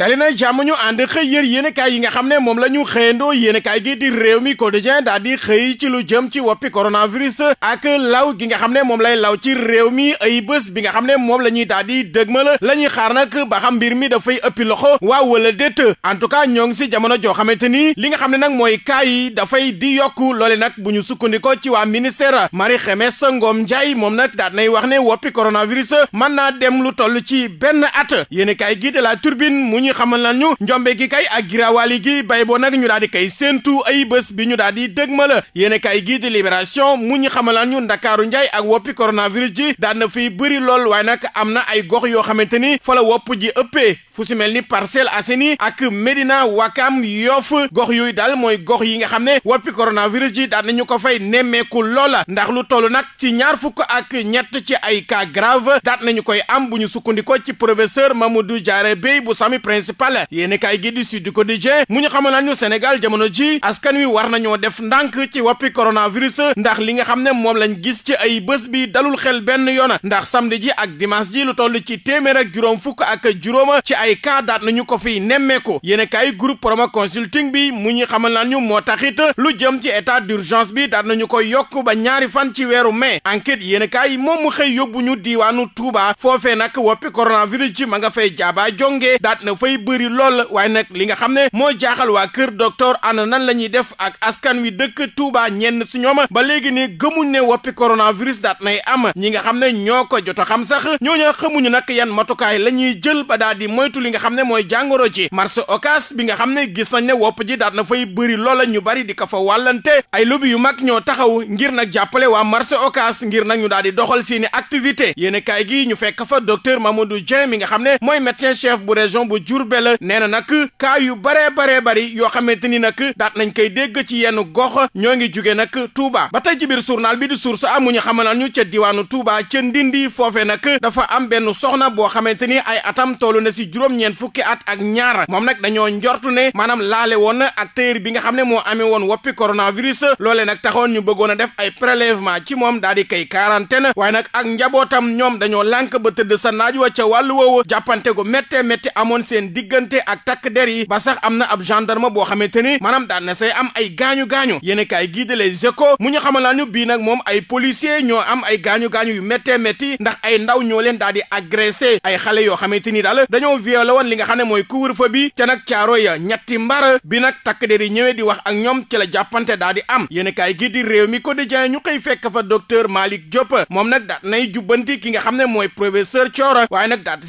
dali na jàmm ñu ànd xëy yër yéenekaay yi nga xam ne moom la ñu xëyandoo yéenekaay gi di réew mi quotidien daal di xëy ci lu jëm ci woppi viris ak law gi nga xam ne moom lay law ci réew mi ay bés bi nga xam ne moom la ñuy daal di dëgmal la ñuy xaar nag ba xam mbir mi dafay ëpp loxo waaw wala déet en tout cas ñoo ngi si jamono joo xamante ni li nga xam ne nag mooy cas yi dafay di yokku loole nag bu ñu sukkandikoo ci waa ministère Marie Khemesse Ngom Ndiaye moom nag daal nay wax ne woppi coronavirus mën naa dem lu toll ci benn at yéenekaay gi la turbine ñuy xamal lan ñu njombe gi kay ak giraawaali gi bay boo nag ñu daal di kay séentu ay bés bi ñu daal di dëgmala yéen kay gii di libération mu ñu xamal ñu ndakaaru njaay ak woppi coronavirus ji daan na fiy bëri lool waaye nag am na ay gox yoo xamante ni fa la wopp ji ëppee fu si mel ni Parcelles Assainies ak Médina Wakam Yoff gox yooyu daal mooy gox yi nga xam ne woppi coronavirus ji daan nañu ko fay nemmeeku loola ndax lu toll nag ci ñaar fukk ak ñett ci ay cas grave principal yéen kaay gi di Sud Quotidien mu ñu xamal nañu Sénégal jamono ji askan wi war nañoo def ndànk ci woppi coronavirus ndax li nga xam ne moom lañ gis ci ay bés bi dalul xel benn yoon ndax samedi ji ak dimanche ji lu toll ci téeméer ak juróom fukk ak juróoma ci ay cas daat nañu ko fiy nemmeeku yéen kaay groupe Promo Consulting bi mu ñu xamal nañu moo taxit lu jëm ci état d'urgence bi daat nañu ko yokk ba ñaari fan ci weeru mai enquête yéen kaay moom mu xëy yóbbu ñu diiwaanu Touba foofee nag woppi coronavirus ji nga fay jaaba dafay bëri lool waaye nag li nga xam ne moo jaaxal waa kër docteur ana nan la ñuy def ak askan wi dëkk Touba ñenn si ñoom ba léegi nii gëmuñ ne woppi coronavirus daat nay am ñi nga xam ne ñoo ko jot xam sax ñooñu xamuñu nag yan matukaay la ñuy jël ba daal di moytu li nga xam ne mooy jàngoro ji marché Ocass bi nga xam ne gis nañ ne wopp ji daat na fay bëri loola ñu bari di ko fa wàllante ay lobby yu mag ñoo taxaw ngir nag jàppale waa marché Ocass ngir nag ñu daal di doxal seeni activité yéen kaay gi ñu fekk fa docteur Mamadou Dieng mi nga xam ne mooy médecin chef bu région bu Diourbel Diourbel la nee na nag kaa yu baree baree bari yoo xamante ni nag daat nañ koy dégg ci yenn gox ñoo ngi juge nag Touba ba tey ci biir journal bi di source amuñu xamal ñu ca diwaanu Touba ca Ndindi foofe nag dafa am benn soxna boo xamante ni ay atam toll na si juróom-ñeent fukki at ak ñaar moom nag dañoo njortu ne maanaam laale woon na ak téer bi nga xam ne moo amee woon woppi coronavirus loole nag taxoon ñu bëggoon a def ay prélèvement ci moom daal di koy quarantaine waaye nag ak njabootam ñoom dañoo lànk ba tëdd sa naaj wa ca wàllu jàppante gu méttee métti seen diggante ak takk der yi ba sax am na ab gendarme boo xamante ni maanaam daan na say am ay gaañu gaañu yu méttee métti ndax ay ndaw ñoo leen daal di agressé ay xale yoo xamante ni daal dañoo violé woon li nga xam ne mooy couvre-feu bi ca nag caaro ya ñetti mbar bi nag takk der yi ñëwee di wax ak ñoom ci la jàppante daal di am yéen kaay gii di réew mi quotidien ñu xëy fekk fa docteur Malick Diop moom nag daat nay jubbanti ki nga xam ne mooy professeur Thioro waaye nag daat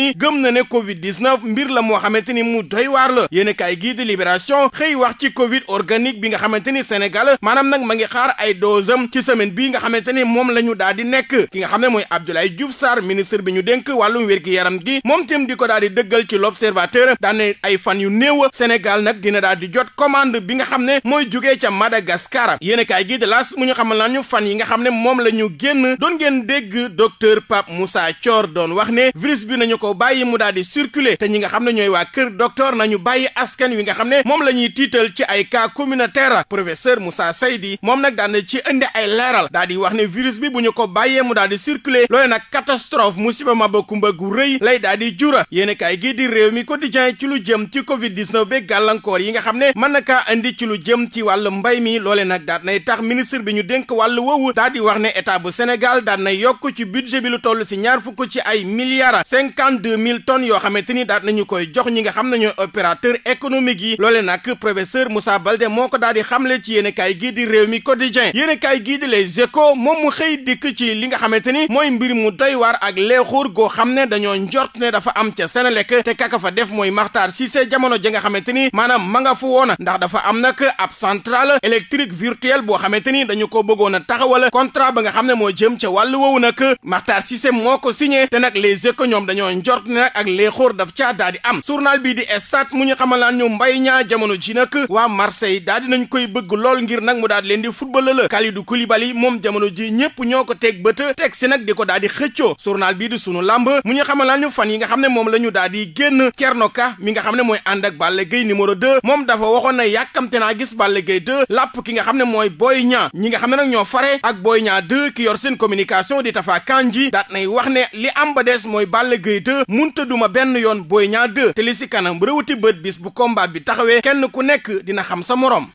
ni gëm na ne Covid 19 mbir la moo xamante ni mu doy waar la yéen a kaay gii di libération xëy wax ci Covid organique bi nga xamante ni Sénégal maanaam nag ma ngi xaar ay dose am ci semaine bii nga xamante ni moom la ñu daal di nekk ki nga xam ne mooy Abdoulaye Diouf Sarr ministre bi ñu denk wàllum wér-gi-yaram gi moom tam di ko daal di dëggal ci l'observateur daan ne ay fan yu néew Sénégal nag dina daal di jot commande bi nga xam ne mooy jugee ca Madagascar yéen a gii de las mu ñu xamal naa fan yi nga xam ne moom la ñu génn doon ngeen dégg docteur Pape Moussa Thior doon wax ko bàyyi mu daal di circuler te ñi nga xam ne ñooy waa kër docteur nañu bàyyi askan wi nga xam ne moom la ñuy tiital ci ay cas communautaire professeur Moussa Seydi moom nag daan na ci indi ay leeral daal di wax ne virus bi bu ñu ko bàyyee mu daal di circuler loole nag catastrophe musiba mabakumba gu rëy lay daal di jura yéen kaay gii di réew mi ko quotidien ci lu jëm ci covid 19 bi gàllankoor yi nga xam ne mën na kaa indi ci lu jëm ci wàllu mbay mi loole nag daat nay tax ministre bi ñu dénk wàllu woowu daal di wax ne état bu Sénégal daan na yokk ci budget bi lu toll si ñaar fukk ci ay milliards cinquante vingt mille tonnes yoo xamante ni daal nañu koy jox ñi nga xam ne ñooy opérateur économique yi loole nag professeur Moussa Baldé moo ko daal di xamle ci yéenekaay gii di réew mi quotidien yéenekaay gii di Les Échos moom mu xëy dikk ci li nga xamante ni mooy mbir mu doy waar ak leexuur goo xam ne dañoo njort ne dafa am ca Senelec te kaka fa def mooy si Cissé jamono ji nga xamante ni maanaam ma nga fu woon ndax dafa am nag ab centrale électrique virtuelle boo xamante ni dañu ko bëggoon a taxawal contrat ba nga xam ne moo jëm ca wàllu woowu nag Makhtar Cissé moo ko signé te nag Les Échos ñoom dañoo njort ne nag ak léexóor daf caa daa di am journal bii di Stades mu ñu xamalaan ñu Mbaye Niang jamono ji nag waa Marseille daa di nañ koy bëgg lool ngir nag mu daal leen di football la Kalidou Koulibaly moom jamono ji ñëpp ñoo ko teg bët teg si nag di ko daa di xëccoo journal bii di sunu làmb mu ñu xamalaan ñu fan yi nga xam ne moom la ñu daa di génn Thierno Ka mi nga xam ne mooy ànd ak Balla Gaye numéro 2 moom dafa waxoon na yàkkamte naa gis Balla Gaye 2 làpp ki nga xam ne mooy Boy Niang ñi nga xam ne nag ñoo fare ak Boy ki yor seen communication di Tafa Kandji daat nay wax ne li am ba des mooy Balla Gaye 2 munta duma benn yoon booy Niang 2 te li si kanam rawati bët bis bu combat bi taxawee kenn ku nekk dina xam sa morom